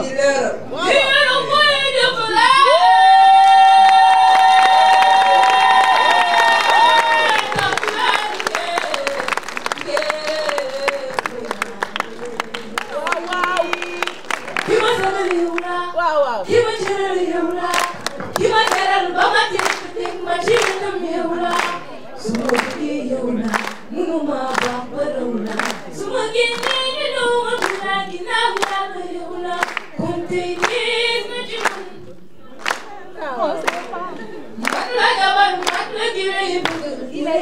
Yow naa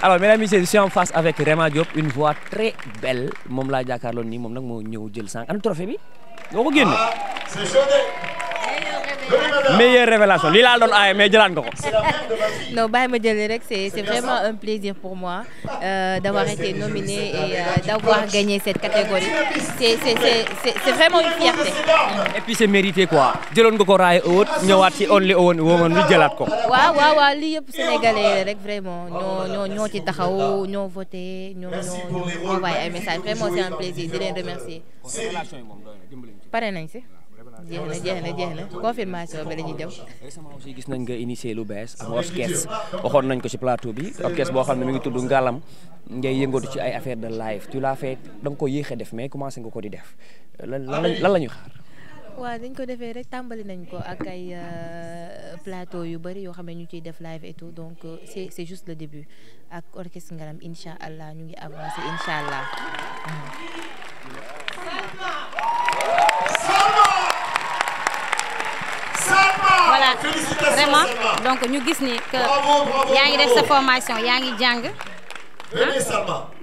alors mesdames et messieurs je suis en face avec Rema Diop une voix très belle moom laa jàkkaarloo nii moom nag moo ñëw jël sànq ana trophée bi. boo ko génne. Ah, c'est chaud meilleure révélation lii laa doon aaye mais jëlaat nga ko. non bàyyi ma jëlee rek c'est c'est vraiment un plaisir pour moi euh, d'avoir été nominée et euh, d'avoir gagné cette catégorie c'est c'est c'est c'est vraiment une fierté. et puis c'est mérité quoi jëloon nga ko raay ëwët ñëwaat ci only woon woon bi jëlaat ko. waaw waaw waaw lii yëpp sénégalais rek vraiment ñoo ñoo ñoo ci taxaw ñoo voté ñoo ñoo envoyé ay messages vraiment c'est un plaisir di leen remercier. pare nañ si. jeex na jeex na jeex na confirmation bi la ñuy dem. récemment aussi gis nañ nga initier lu bees am orchestre waxoon nañ ko ci plateau bi orchestre boo xam ne mi ngi tudd Ngalam ngay yëngatu ci ay affaire de live tu l'as fait da nga ko yéex def mais commencé nga ko di def lan ah lan la ñuy xaar. waaw dañ ko defee rek tàmbali nañ ko ak ay euh, plateau yu bëri yoo xam ne ñu ciy def live et tout donc euh, c'est c'est juste le début ak orchestre Ngalam incha allah ñu ngi avancer incha allah. donc ñu gis ni yaa ngi def sa formation yaa ngi jàng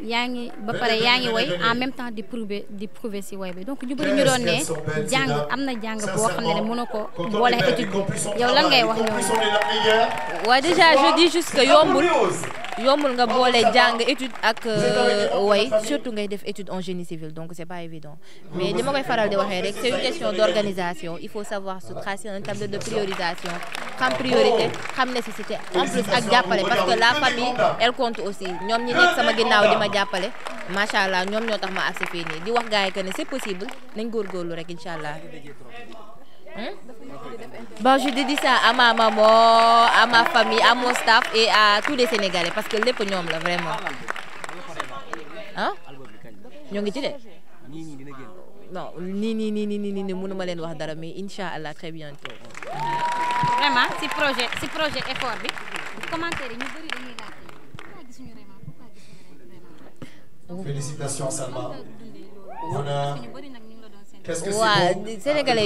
yaa ngi ba pare yaa ngi woy en même temps di prouver di prouver si woy bi donc ñu bëri ñu doon ne jàng am na jàng boo xam ne ne mënoo ko boole étude yow lan ngay wax ñooñu. waaw déjà je dis que yombul. yombul nga boole jàng étude ak euh, way surtout ngay def étude en génie civil donc c'est pas évident mais li ma koy faral di waxee rek c'est une d'organisation il faut savoir se tracer un tableau de priorisation xam priorité xam nécessité ak jàppale parce que la famille elle compte aussi ñoom ñi nekk sama ginnaaw di ma jàppale macha allah ñoom ñoo tax ma agsi fii nii di wax gars yi que ne c'est possible nañ góorgóorlu rek incha allah. Bon, je dédie ça à ma maman, à ma famille, à mon staff et tous les Sénégalais parce que lépp ñoom la vraiment. ah ñoo ngi ci ni non nii nii nii leen wax dara mais incha allah très bientôt. vraiment est ah,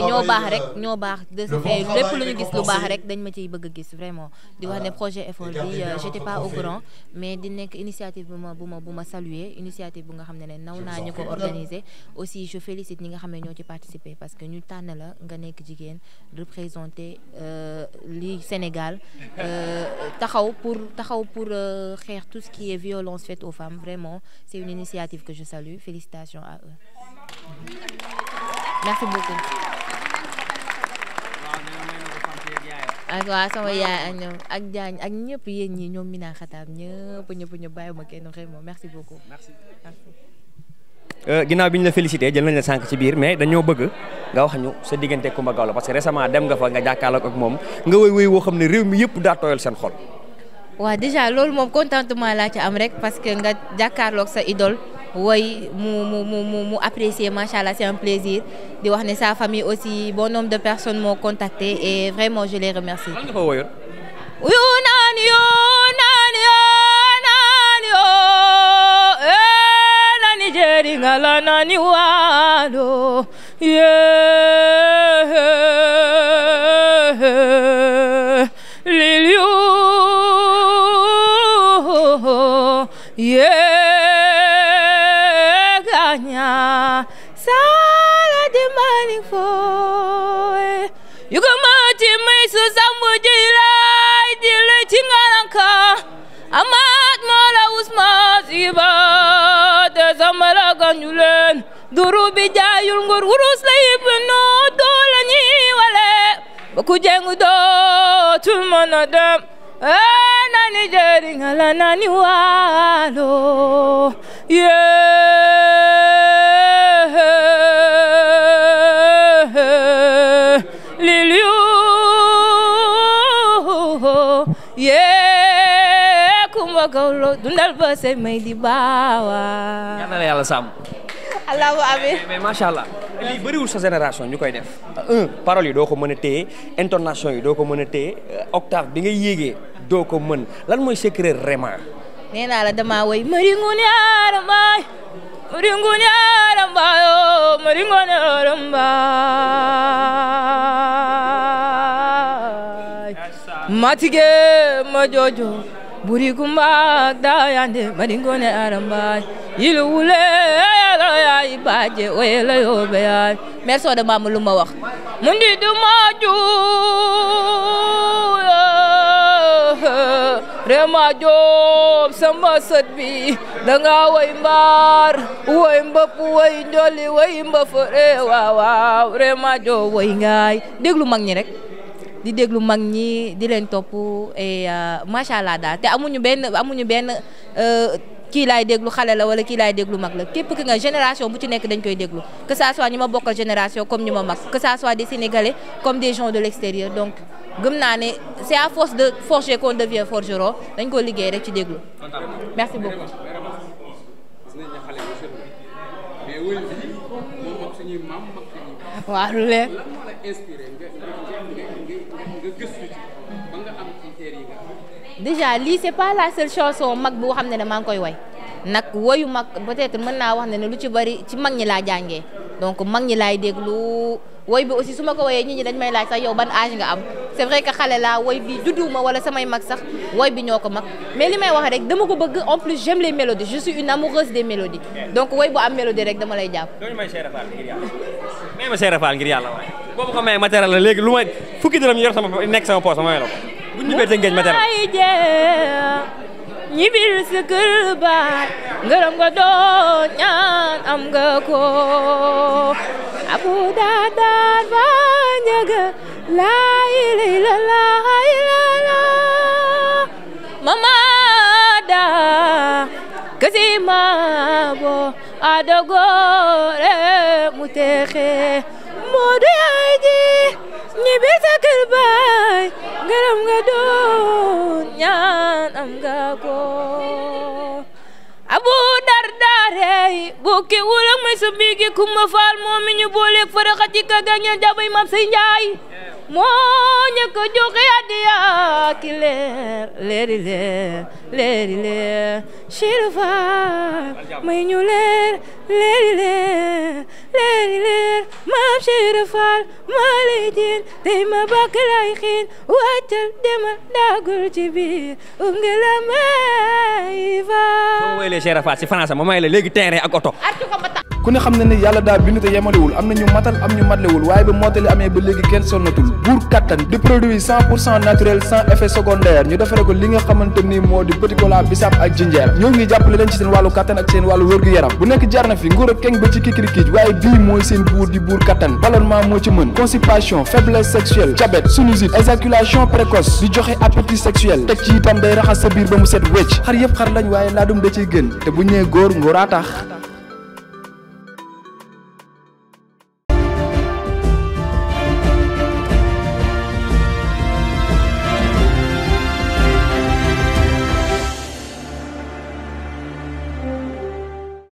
ñoo baax rek euh, ñoo baax de ce lépp lu ñu gis lu baax rek dañ ma ciy bëgg a gis vraiment di wax ne projet effort bi euh, j'étais pas au courant mais di nekk initiative bu ma bu ma bu ma saluer initiative bu nga xam ne ne naw naa ñu ko organiser aussi je félicite ñi nga xam ne ñoo ci participer parce que ñu tànn la nga nekk jigéen représenter euh, li Sénégal taxaw pour taxaw pour xeex tout ce qui est violence faite aux femmes vraiment c'est une initiative que je salue merci beaucoup. ak waa sama yaay ak ak jaañ ak ñëpp yéen ñi ñoom Mina Xataab ñëpp ñëpp ñu bàyyi ma kenn xëy moom merci beaucoup. merci. Euh, ginnaaw bi ñu la félicité jël nañ la sànq ci biir mais dañoo bëgg nga wax ñu sa diggante Coumba Gawlo parce que récemment dem nga fa nga jàkkaarloog ak moom nga woy woy woo xam ne réew mi yëpp daa seen xol. waaw déjà loolu moom contentement laa ci am rek parce que nga jàkkaarloog sa idol woy mu mu mu mu apprécier macha allah un plaisir di wax sa famille aussi bon nombre de personnes m'ont contacté et vraiment je les remercie. ngalana ni walo yeah jilaay jilli ci ngalanka amaat moola usmaan siiba te samala gañu leen duru bi jaayul ngur wurus la yib nu doole ñi wale ba ku jeng dootul mën a dem ee eh, nani jëriñ ala nani waalo yee soose may di baawa. yal na la yàlla sàmm. allahu amin mais macha allah. bëriwul sa génération ñu koy def. un paroles yi doo ko mën a téye intonation yi doo ko mën a téye euh, octave bi nga yéegee doo ko mën lan mooy secret vraiment. nee naa la damaa woy maringun yaaram baay maringun yaaram baay oo oh, maringun yaaram baay ma joojo buri kumba ma yande maringone aramba yilu wule yalo ya ibaje oyelo yobe ya merci de mamu luma eh, wax mundi du maju rema job sama sët bi da nga way mbar way mbëpp way njoli way mbëf re eh, waaw waaw rema job way ngaay déglu mag ñi di déglu mag ñi di leen topp et euh, macha allah daal te benn amuñu benn euh, kii laay déglu xale la wala kii laay déglu mag la képp ki nga génération bu ci nekk dañ koy déglu que ça soit ma bokkal génération comme ñu ma mag que ça soit des sénégalais comme des gens de l'extérieur donc gëm naa ne force de forger qu'on forgeron dañ koo liggéey ci déglu. déjà lii c'est pas la seule chanson mag boo xam ne ne maa ngi koy way nag woyu mag peut-être mën naa wax ne ne lu ci bari ci mag ñi laa jàngee donc mag ñi laay déglu woy bi aussi su ma ko woyee ñi ñi dañ may laaj sax yow ban âge nga am c'est vrai que xale laa woy bi judduwuma wala samay mag sax woy bi ñoo ko mag mais li may wax rek dama ko bëgg en plus j'aime les mélodies je suis une amoureuse des mélodies donc woy bu am mélodie rek dama lay jàpp. ngir yàlla may ma Cheikh Fall léegi lu may fukki dërëm yor bu ñu ñibbee Tëngéej ma teral ñibbil sa kër ba ngërëm nga doon ñibbi sa kër baay ngërëm nga doon ñaan am nga ko abu dardaarey eh, bukki wulak may sa biigi kumba faal moom mi ñu booleeg faraxa ci ka gañeel jabay mam say njaay moo ñëkk a joxe adiya ki leer leeri leer leeri leer Cheikh leer leer maam Cheikh Fall maa lay tey ma bàkk lay xiin wàccal demal daagul ci biir unge la may fa soo wéylee si France ma may la léegi terrain ak oto ku ne xam na ni yàlla daal bindu te yemalewul am na ñu matal am ñu matlewul waaye ba mottali amee ba léegi kenn sonnatul buur kattan di produit cent pour cent naturel sans effet secondaire ñu defare ko li nga xamante ni moo di petit cola bisaab ak jinjeer ñoo ngi jàppale leen ci seen wàllu kattan ak seen wàllu wërgu yaram bu nekk jarna fi nguur ak keng ba ci kikirikiij waaye bii mooy seen buur di buur kattan ballonnement moo ci mën constipation faiblesse sexuelle précoce di joxe appétit sexuel teg ci itam sa biir ba mu set wecc xar yëpp xar